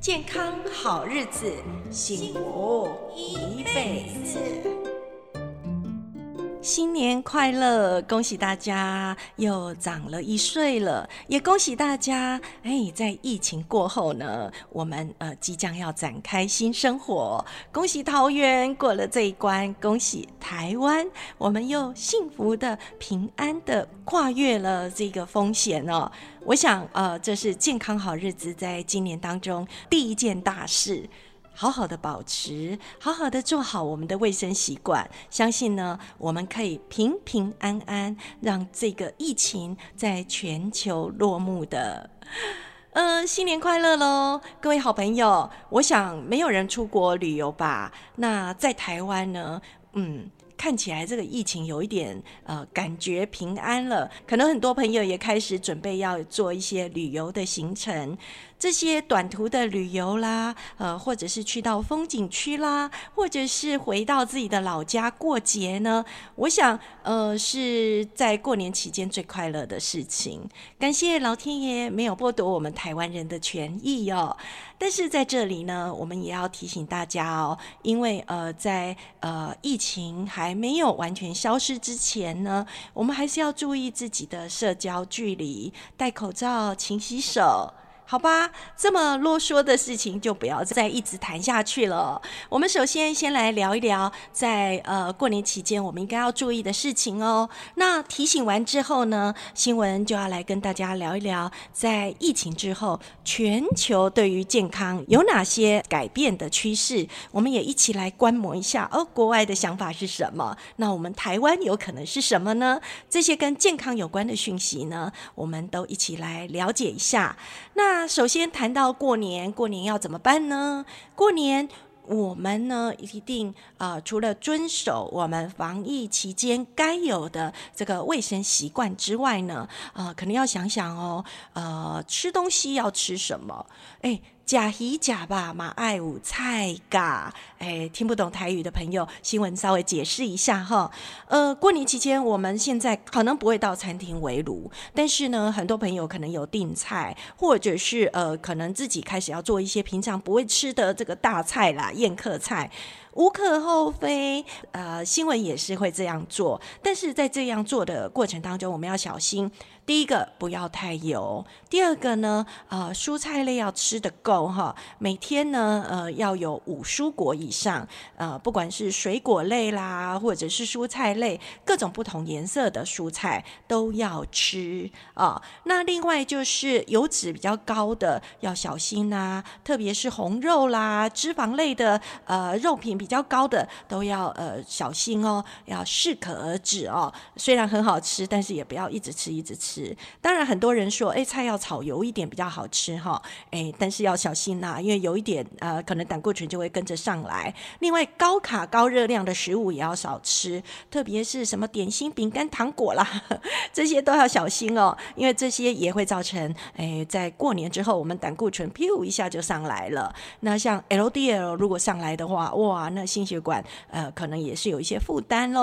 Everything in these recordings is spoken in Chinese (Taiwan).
健康好日子，幸福一輩子。新年快樂！恭喜大家又長了一歲了，也恭喜大家，欸，在疫情過後呢，我們呃即將要展開新生活。恭喜桃園過了這一關，恭喜台灣，我們又幸福的、平安的跨越了這個風險哦。我想，呃，這是健康好日子，在今年當中第一件大事。好好的保持，好好的做好我們的衛生習慣，相信呢，我們可以平平安安，讓這個疫情在全球落幕的。嗯、呃，新年快樂嘍，各位好朋友，我想沒有人出國旅遊吧？那在台灣呢？嗯。看起來這個疫情有一點呃感覺平安了，可能很多朋友也開始準備要做一些旅遊的行程，這些短途的旅遊啦，呃，或者是去到風景區啦，或者是回到自己的老家過節呢。我想，呃，是在過年期間最快樂的事情。感謝老天爺沒有剝奪我們台灣人的權益喔。但是在這裡呢，我們也要提醒大家哦，因為呃，在呃疫情還沒有完全消失之前呢，我們還是要注意自己的社交距離，戴口罩、勤洗手。好吧，這麼囉嗦的事情就不要再一直談下去了哦。我們首先先來聊一聊在，在呃過年期間我們應該要注意的事情哦。那提醒完之後呢，新聞就要來跟大家聊一聊，在疫情之後全球對於健康有哪些改變的趨勢？我們也一起來觀摩一下，哦，國外的想法是什麼？那我們台灣有可能是什麼呢？這些跟健康有關的訊息呢，我們都一起來了解一下。那那首先談到過年，過年要怎麼辦呢？過年我們呢一定啊、呃，除了遵守我們防疫期間該有的這個衛生習慣之外呢，啊、呃，可能要想想哦，呃，吃東西要吃什麼？誒、欸。食魚食肉，嘛愛菜佮，哎，聽不懂台語的朋友，新聞稍微解釋一下哈。呃，過年期間，我們現在可能不會到餐廳圍爐，但是呢，很多朋友可能有訂菜，或者是呃，可能自己開始要做一些平常不會吃的這個大菜啦，宴客菜。無可厚非，呃，新聞也是會這樣做，但是在這樣做的過程當中，我們要小心。第一個不要太油，第二個呢，呃，蔬菜類要吃得夠哈，每天呢，呃，要有五蔬果以上，呃，不管是水果類啦，或者是蔬菜類，各種不同顏色的蔬菜都要吃啊、呃。那另外就是油脂比較高的要小心吶、啊，特別是紅肉啦，脂肪類的呃肉品。比較高的都要呃小心哦，要適可而止哦。雖然很好吃，但是也不要一直吃一直吃。當然，很多人說，哎，菜要炒油一點比較好吃哈，哎，但是要小心吶，因為有一點呃，可能膽固醇就會跟着上來。另外，高卡高熱量的食物也要少吃，特別是什麼點心、餅乾、糖果啦呵呵，這些都要小心哦，因為這些也會造成哎，在過年之後我們膽固醇咻一下就上來了。那像 LDL 如果上來的話，哇！那心血管呃可能也是有一些負擔嘍。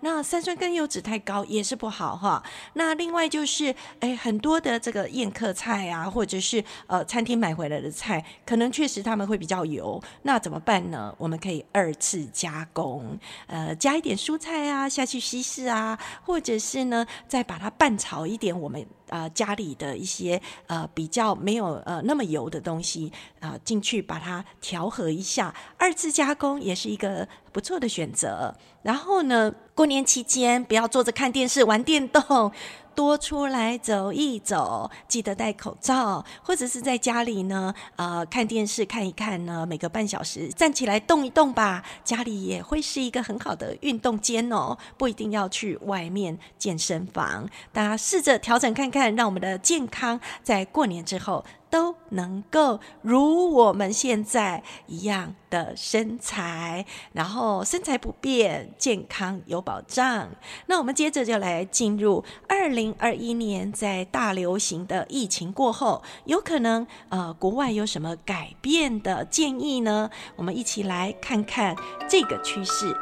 那三酸甘油脂太高也是不好哈。那另外就是哎很多的這個宴客菜啊，或者是呃餐廳買回來的菜，可能確實他們會比較油。那怎麼辦呢？我們可以二次加工，呃加一點蔬菜啊下去稀釋啊，或者是呢再把它拌炒一點我們呃家裡的一些呃比較沒有呃那麼油的東西啊，呃，進去把它調和一下。二次加工也，也是一個不錯的選擇。然後呢，過年期間不要坐着看電視、玩電動，多出來走一走，記得戴口罩。或者是在家裡呢，呃，看電視看一看呢，每隔半小時站起來動一動吧。家裡也會是一個很好的運動間哦，不一定要去外面健身房。大家試着調整看看，讓我們的健康在過年之後。都能夠如我們現在一樣的身材，然後身材不變，健康有保障。那我們接着就來進入二零二一年，在大流行的疫情過後，有可能呃國外有什麼改變的建議呢？我們一起來看看這個趨勢。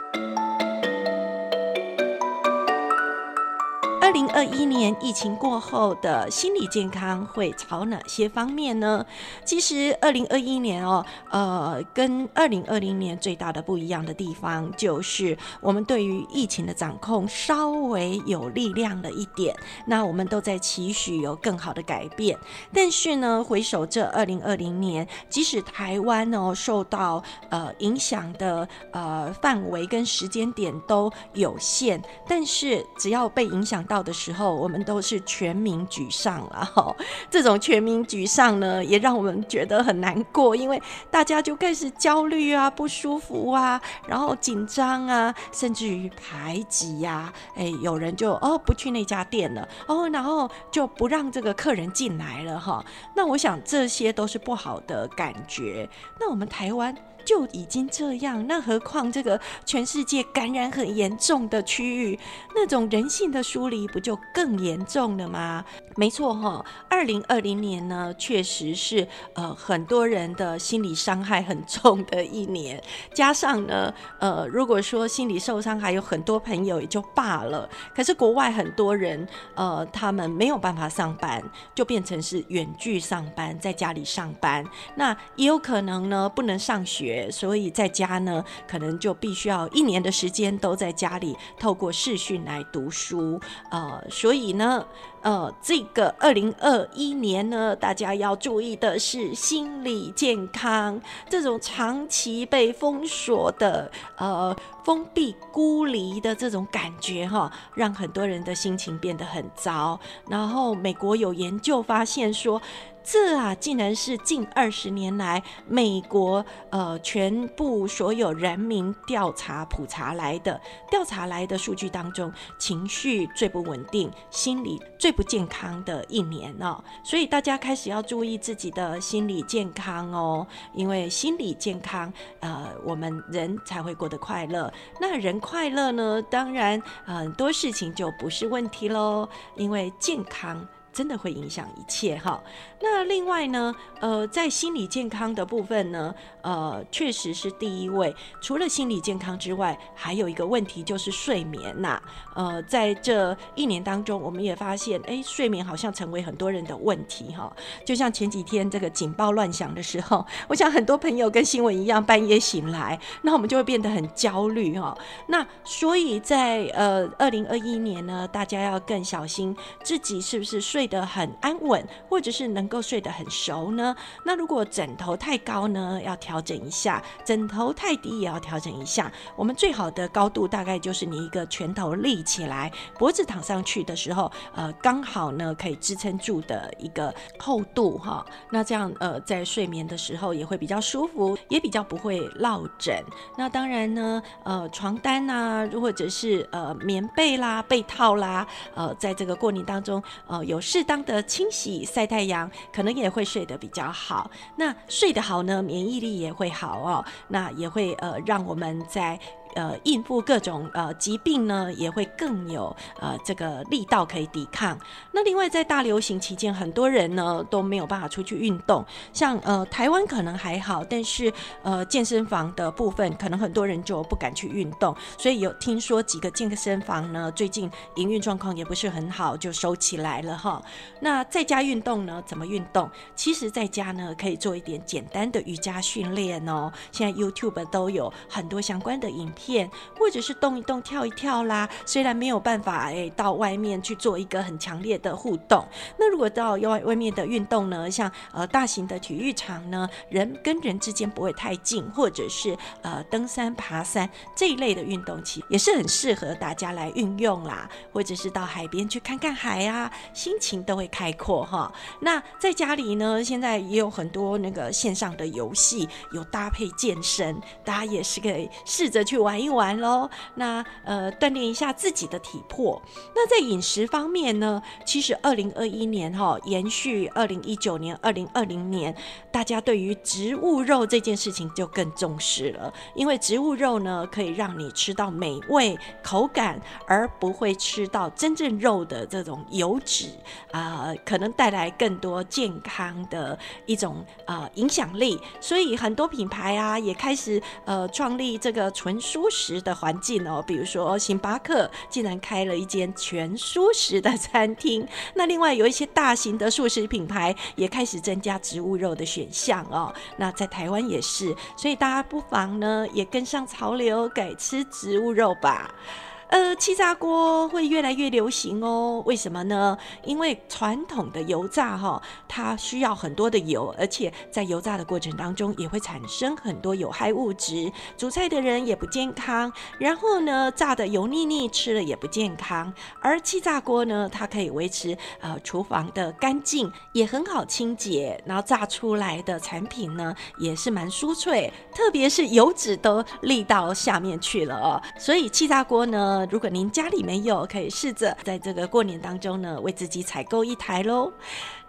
二零。二一年疫情過後的心理健康會朝哪些方面呢？其實二零二一年哦、喔，呃，跟二零二零年最大的不一樣的地方就是我們對於疫情的掌控稍微有力量了一點。那我們都在期許有更好的改變。但是呢，回首這二零二零年，即使台灣哦、喔、受到呃影響的呃範圍跟時間點都有限，但是只要被影響到的時候時候我們都是全民沮喪了哈。這種全民沮喪呢，也讓我們覺得很難過，因為大家就開始焦慮啊、不舒服啊，然後緊張啊，甚至於排擠呀、啊。誒、欸，有人就哦不去那家店了哦，然後就不讓這個客人進來了哈。那我想這些都是不好的感覺。那我們台灣。就已經這樣，那何況這個全世界感染很嚴重的區域，那種人性的疏離不就更嚴重了嗎？沒錯哈、哦，二零二零年呢，確實是呃很多人的心理傷害很重的一年。加上呢，呃，如果說心理受傷還有很多朋友也就罷了，可是國外很多人，呃，他們沒有辦法上班，就變成是遠距上班，在家裡上班，那也有可能呢不能上學。所以在家呢，可能就必須要一年的時間都在家裡，透過視訊來讀書。呃，所以呢，呃，這個二零二一年呢，大家要注意的是心理健康，這種長期被封鎖的，呃。封閉、孤立的這種感覺，哦，哈，讓很多人的心情變得很糟。然後，美國有研究發現說，這啊，竟然是近二十年來美國呃全部所有人民調查普查來的調查來的數據當中，情緒最不穩定、心理最不健康的一年哦。所以，大家開始要注意自己的心理健康哦，因為心理健康，呃，我們人才會過得快樂。那人快樂呢？當然，很多事情就不是問題嘍，因為健康真的會影響一切哈。那另外呢，呃，在心理健康的部分呢，呃，確實是第一位。除了心理健康之外，還有一個問題就是睡眠吶。呃，在這一年當中，我們也發現，誒，睡眠好像成為很多人的問題哈。就像前幾天這個警報亂響的時候，我想很多朋友跟新聞一樣，半夜醒來，那我們就會變得很焦慮哈。那所以在呃二零二一年呢，大家要更小心自己是不是睡得很安穩，或者是能夠睡得很熟呢？那如果枕頭太高呢，要調整一下；枕頭太低也要調整一下。我們最好的高度大概就是你一個拳頭立起來，脖子躺上去的時候，呃，剛好呢可以支撐住的一個厚度哈、喔。那這樣呃，在睡眠的時候也會比較舒服，也比較不會落枕。那當然呢，呃，床單吶、啊，或者是呃棉被啦、被套啦，呃，在這個過年當中，呃有。適當的清洗、曬太陽，可能也會睡得比較好。那睡得好呢，免疫力也會好哦。那也會呃，讓我們在。呃，應付各種呃疾病，呢，也會更有呃這個力道可以抵抗。那另外在大流行期間，很多人呢都沒有辦法出去運動，像呃台灣可能還好，但是呃健身房的部分，可能很多人就不敢去運動，所以有聽說幾個健身房呢，最近營運狀況也不是很好，就收起來了哈。那在家運動呢，怎麼運動？其實在家呢可以做一點簡單的瑜伽訓練哦。現在 YouTube 都有很多相關的影片。或者是動一動、跳一跳啦，雖然沒有辦法哎、欸，到外面去做一個很強烈的互動。那如果到外外面的運動呢，像呃大型的體育場呢，人跟人之間不會太近，或者是呃登山、爬山這一類的運動，其實也是很適合大家來運用啦。或者是到海邊去看看海啊，心情都會開闊哈。那在家裡呢，現在也有很多那個線上的遊戲，有搭配健身，大家也是可以試着去玩。沒完咯，那呃鍛鍊一下自己的體魄，那在飲食方面呢，其實二零二一年哈延續二零一九年、二零二零年，大家對於植物肉這件事情就更重視了，因為植物肉呢可以讓你吃到美味口感，而不會吃到真正肉的這種油脂啊、呃，可能帶來更多健康的一種啊、呃、影響力。所以很多品牌啊也開始呃創立這個純素。蔬食的環境哦、喔，比如說星巴克竟然開了一間全蔬食的餐廳。那另外有一些大型的素食品牌也開始增加植物肉的選項哦、喔。那在台灣也是，所以大家不妨呢也跟上潮流，改吃植物肉吧。呃，氣炸鍋會越來越流行哦。為什麼呢？因為傳統的油炸哈，它需要很多的油，而且在油炸的過程當中也會產生很多有害物質，煮菜的人也不健康。然後呢，炸的油膩膩，吃了也不健康。而氣炸鍋呢，它可以維持呃廚房的乾淨，也很好清潔。然後炸出來的產品呢，也是蠻酥脆，特別是油脂都瀝到下面去了哦。所以氣炸鍋呢。如果您家裡沒有，可以試着在這個過年當中呢，為自己採購一台嘍。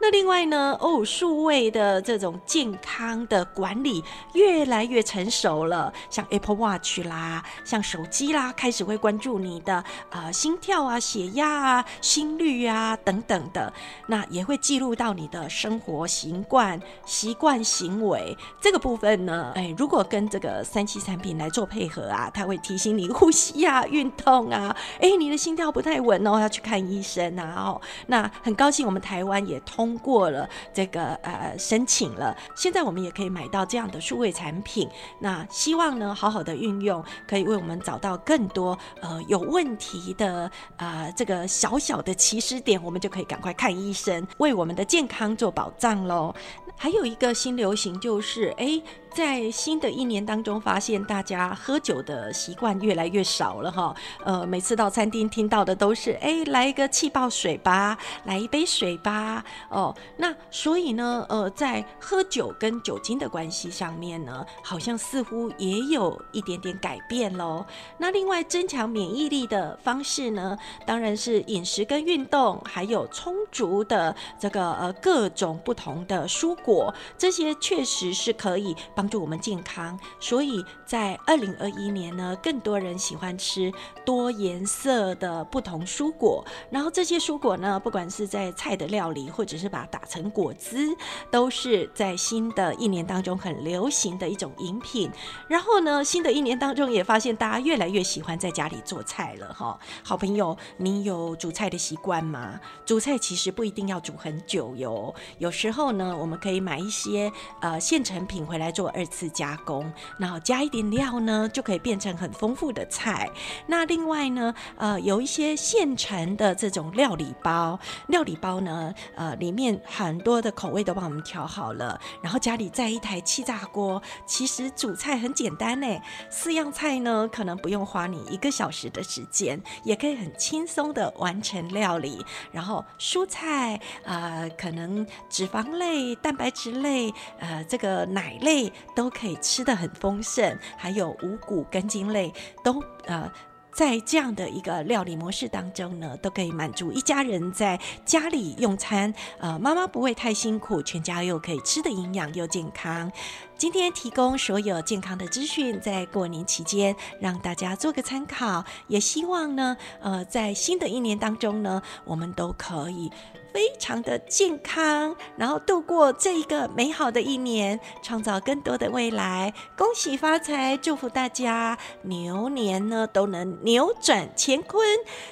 那另外呢，哦，數位的這種健康的管理越來越成熟了，像 Apple Watch 啦，像手機啦，開始會關注你的呃心跳啊、血壓啊、心率啊等等的，那也會記錄到你的生活習慣、習慣行為這個部分呢。哎、欸，如果跟這個 3C 產品來做配合啊，它會提醒你呼吸啊、運動啊，哎、欸，你的心跳不太穩哦，要去看醫生啊。哦，那很高興我們台灣也通。通過了這個呃申請了，現在我們也可以買到這樣的數位產品。那希望呢，好好的運用，可以為我們找到更多呃有問題的呃這個小小的起始點，我們就可以趕快看醫生，為我們的健康做保障咯。還有一個新流行就是誒。在新的一年當中，發現大家喝酒的習慣越來越少了哈、哦。呃，每次到餐廳聽到的都是，誒，來一個氣泡水吧，來一杯水吧。哦，那所以呢，呃，在喝酒跟酒精的關係上面呢，好像似乎也有一點點改變嘍。那另外增強免疫力的方式呢，當然是飲食跟運動，還有充足的這個呃各種不同的蔬果，這些確實是可以，幫助我們健康，所以在二零二一年呢，更多人喜歡吃多顏色的不同蔬果。然後這些蔬果呢，不管是在菜的料理，或者是把它打成果汁，都是在新的一年當中很流行的一種飲品。然後呢，新的一年當中也發現大家越來越喜歡在家裡做菜了哈。好朋友，你有煮菜的習慣嗎？煮菜其實不一定要煮很久喲，有時候呢，我們可以買一些呃現成品回來做。二次加工，然後加一點料呢，就可以變成很豐富的菜。那另外呢，呃，有一些現成的這種料理包，料理包呢，呃，裡面很多的口味都幫我們調好了。然後家裡再一台氣炸鍋，其實煮菜很簡單呢。四樣菜呢，可能不用花你一個小時的時間，也可以很輕鬆的完成料理。然後蔬菜，呃，可能脂肪類、蛋白質類，呃，這個奶類。都可以吃得很豐盛，還有五穀根莖類都呃，在這樣的一個料理模式當中呢，都可以滿足一家人在家裡用餐。呃，媽媽不會太辛苦，全家又可以吃得營養又健康。今天提供所有健康的資訊，在過年期間讓大家做個參考，也希望呢，呃，在新的一年當中呢，我們都可以，非常的健康，然後度過這一個美好的一年，創造更多的未來，恭喜發財，祝福大家牛年呢都能扭轉乾坤，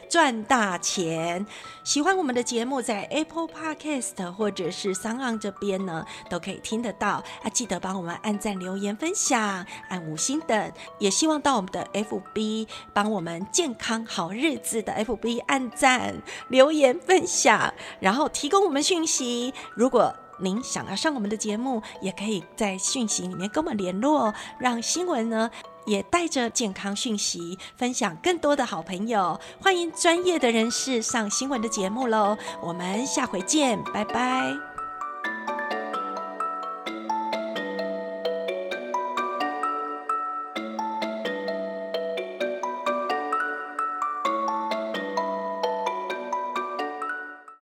賺大錢。喜歡我們的節目，在 Apple Podcast 或者是 SoundOn 這邊呢都可以聽得到啊！記得幫我們按讚、留言、分享，按五星等，也希望到我們的 FB 幫我們健康好日子的 FB 按讚、留言、分享。然後提供我們訊息。如果您想要上我們的節目，也可以在訊息裡面跟我們聯絡，讓新聞呢也帶着健康訊息，分享更多的好朋友。歡迎專業的人士上新聞的節目嘍。我們下回見，拜拜。